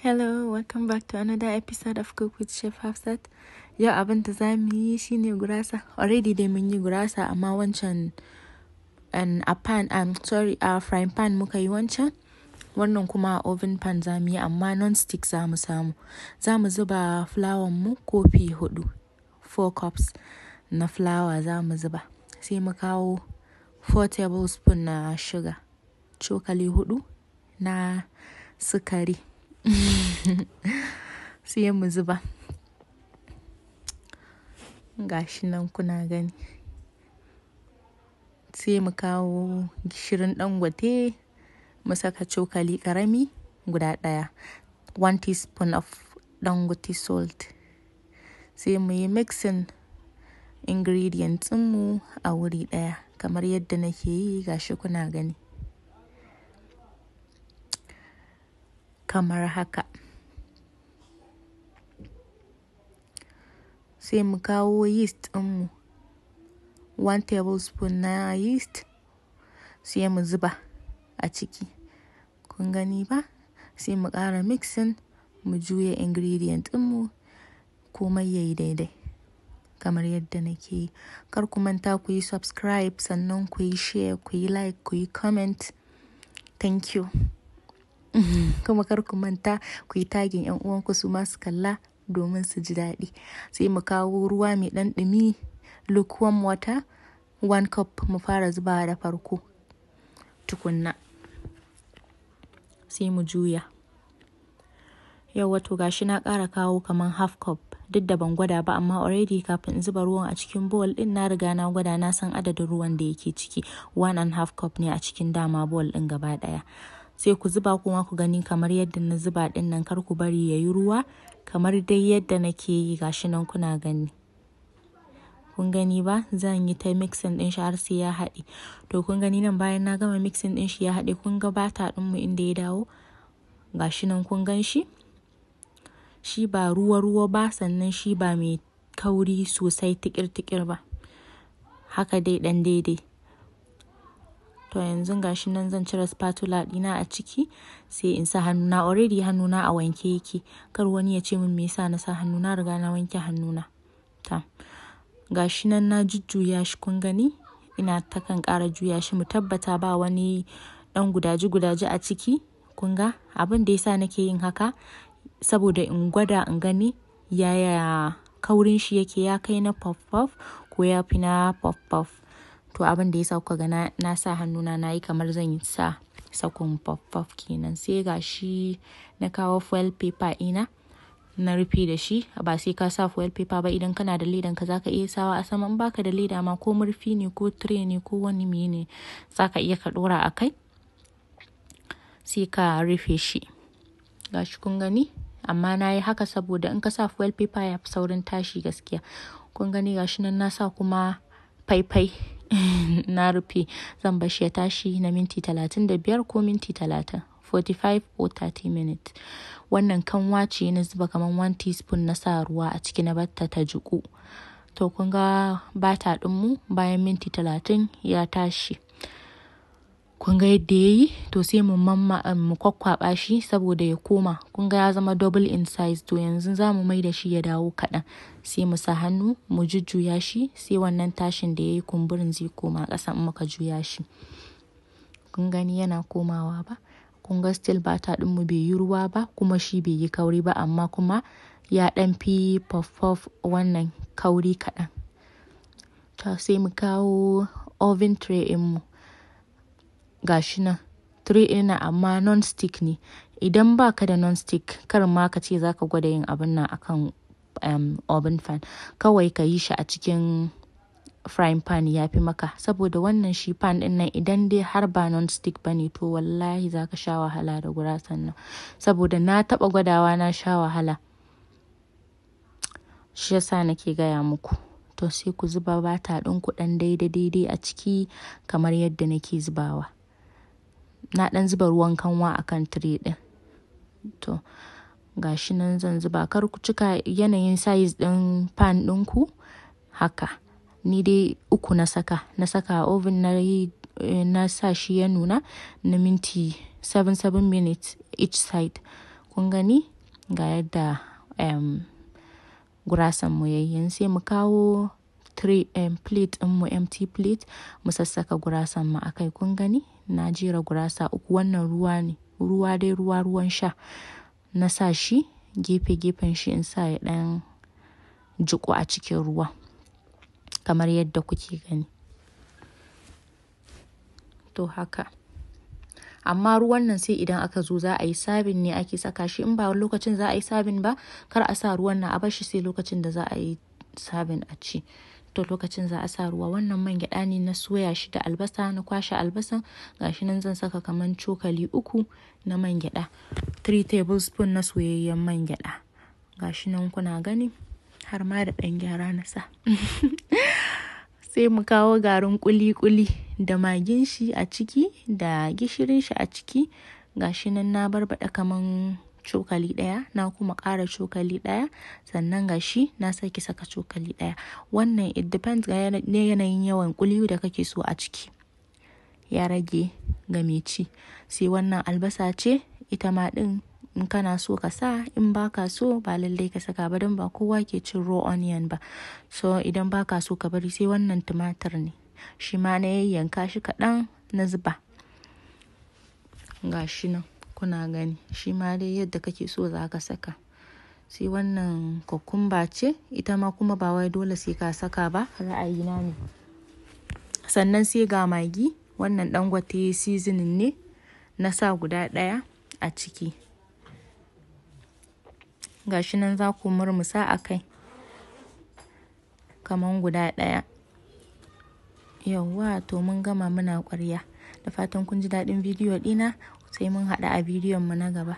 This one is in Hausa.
Hello, welcome back to another episode of Cook with Chef Hafsat. Yau abin da za mu yi shine gurasa. Already dai mun yi gurasa amma wancan an a pan, I'm sorry, a frying pan muka yi wancan. Wannan kuma a oven pan za mu yi amma non-stick za mu samu. Za mu zuba flour mu kofi hudu, four cups na flour zamu zuba. Sai mu kawo four tablespoon na sugar, cokali hudu na sukari. sai mu zuba gashi nan kuna gani sai mu kawo gishirin dangote mu saka cokali karami guda daya 1 teaspoon of dangote salt sai mu yi mixing ingredients mu a wuri daya kamar yadda nake yi gashi kuna gani kamar haka sai mu kawo yeast ɗinmu 1 tablespoon na yeast sai mu zuba a ciki kun gani ba sai mu ƙara mixing mu juya ingredient ɗinmu komai yayi daidai kamar yadda nake yi kar ku manta ku yi subscribe sannan ku yi share ku yi like ku yi comment thank you Mm-hmm. kuma kar ku manta ku yi tagin yan uwanku su masu kalla domin su ji daɗi sai mu kawo ruwa mai ɗan ɗumi lukewarm water one cup mu fara zubawa da farko tukunna sai mu juya yau wato gashi na ƙara kawo kamar half cup duk da ban gwada ba amma already kafin in zuba ruwan a cikin bowl din na riga na gwada na san adadin ruwan da yake ciki one and half cup ne a cikin dama bowl din gaba daya sai ku zuba kuma ku gani kamar yadda na zuba din nan kar ku bari ya yi ruwa kamar dai yadda nake yi gashi nan kuna gani kun gani ba zan yi ta mixing din shi har sai ya haɗe to kun gani nan bayan na gama mixing din shi ya haɗe kun ga bata din mu inda ya dawo gashi nan kun gan shi shi ba ruwa ruwa ba sannan shi ba mai kauri sosai tikir tikir ba haka dai dan daidai to yanzu gashi nan zan cire spatula ɗina a ciki sai in sa hannuna already hannuna a wanke yake kar wani ya ce min me yasa na sa hannuna riga na wanke hannuna ta gashi nan na jujjuya shi kun gani ina ta kan ƙara juya shi mu tabbata ba wani dan gudaji-gudaji a ciki kun ga abin da yasa nake yin haka saboda in gwada in gani yaya kaurin shi yake ya kai na puff puff ko ya fi na puff puff to abin da ya sa ga na sa hannuna na yi kamar zan yi sa sakon puff kenan sai ga shi na kawo fuel paper ina na rufe da shi ba sai ka sa fuel paper ba idan kana da ledan ka zaka iya sawa a sama in baka da leda ma ko murfi ne ko tire ne ko wani mene ne zaka iya ka dora a kai sai ka rufe shi Ga shi kun gani amma na yi haka saboda in ka sa fuel paper ya fi saurin tashi gaskiya kun gani ga shi nan na sa kuma faifai na rufe zan shi ya tashi na minti talatin da biyar ko minti 30 45 or 30 minutes wannan kanwa ce na zuba kamar 1 teaspoon na sa ruwa a ciki na batta ta jiku to kun ga bata ɗinmu bayan minti talatin ya tashi kun ga yadda ya yi to sai mu mamma eh, mu kwakwaba shi saboda ya koma kun ga ya zama double in size to yanzu za mu mai da shi ya dawo kaɗan sai mu sa hannu mu jujjuya shi sai wannan tashin da ya yi kumburin zai koma ƙasa in muka juya shi kun gani yana komawa ba kun ga still bata ɗin mu bai yi ruwa ba kuma shi bai yi kauri ba amma kuma ya ɗan fi puff wannan kauri kaɗan to sai mu kawo oven tray ɗinmu mu ga shi nan, ina amma non-stick ne. Idan baka da non-stick kar ma ka ce za gwada yin abin nan akan um, oven pan. Kawai ka yi shi a cikin frying pan ya fi maka saboda wannan shi pan din nan idan dai har ba non-stick ba ne to wallahi za ka sha wahala da gurasan nan saboda na taba gwadawa na sha wahala shi yasa nake gaya muku to sai ku zuba bata ɗin ku ɗan daidai daidai a ciki kamar yadda nake zubawa na ɗan zuba ruwan kanwa a kan tire ɗin. To ga shi nan zan zuba kar ku cika yanayin size ɗin pan ɗinku haka. Ni dai uku na saka, na saka a oven na yi eh, na sa shi ya nuna na minti 7 7 minutes each side. Kun gani ga yadda gurasan mu yayi sai mu kawo tray em plate ɗin mu empty plate mu sassaka gurasan mu a kai kun gani. na jera gurasa uku wannan ruwa ne ruwa dai ruwa ruwan sha na sa shi gefe gefen shi in sa ya dan jiƙu a cikin ruwa kamar yadda kuke gani to haka amma ruwan nan sai idan aka zo za a yi sabin ne ake saka shi in ba lokacin za a yi sabin ba kar a sa ruwan nan a bar shi sai lokacin da za a yi sabin a ci to lokacin za a sa ruwa wannan man gyada ne na soya shi da albasa na kwashe albasa gashi nan zan saka kaman cokali uku na man gyada 3 tablespoon na soyayyen man gyaɗa gashi nan kuna gani har ma da ɗan gyara na sa sai mu kawo garin kuli-kuli da magin shi a ciki da gishirin shi a ciki gashi nan na barbada kaman cokali ɗaya na kuma ƙara cokali ɗaya sannan ga shi na sake saka cokali ɗaya wannan it depends ga yanayin yawan kuliyu da kake so a ciki ya rage ga mai ci sai wannan albasa ce ita ma ɗin in kana so ka sa in baka so ba lallai ka saka ba don ba kowa ke cin raw onion ba so idan baka so ka bari sai wannan tumatir ne shi ma na yayyanka shi kaɗan na zuba ga shi nan kuna gani shi ma dai yadda kake so za ka saka sai wannan kokumba ce ita ma kuma ba wai dole sai ka saka ba ra'ayina ne sannan sai ga magi wannan dangote seasoning ne na sa guda ɗaya a ciki gashi nan za ku murmusa a kai kamar guda ɗaya yawwa to mun gama muna ƙwarya da fatan kun ji daɗin bidiyo ɗina Sai mun haɗu a bidiyon mu na gaba.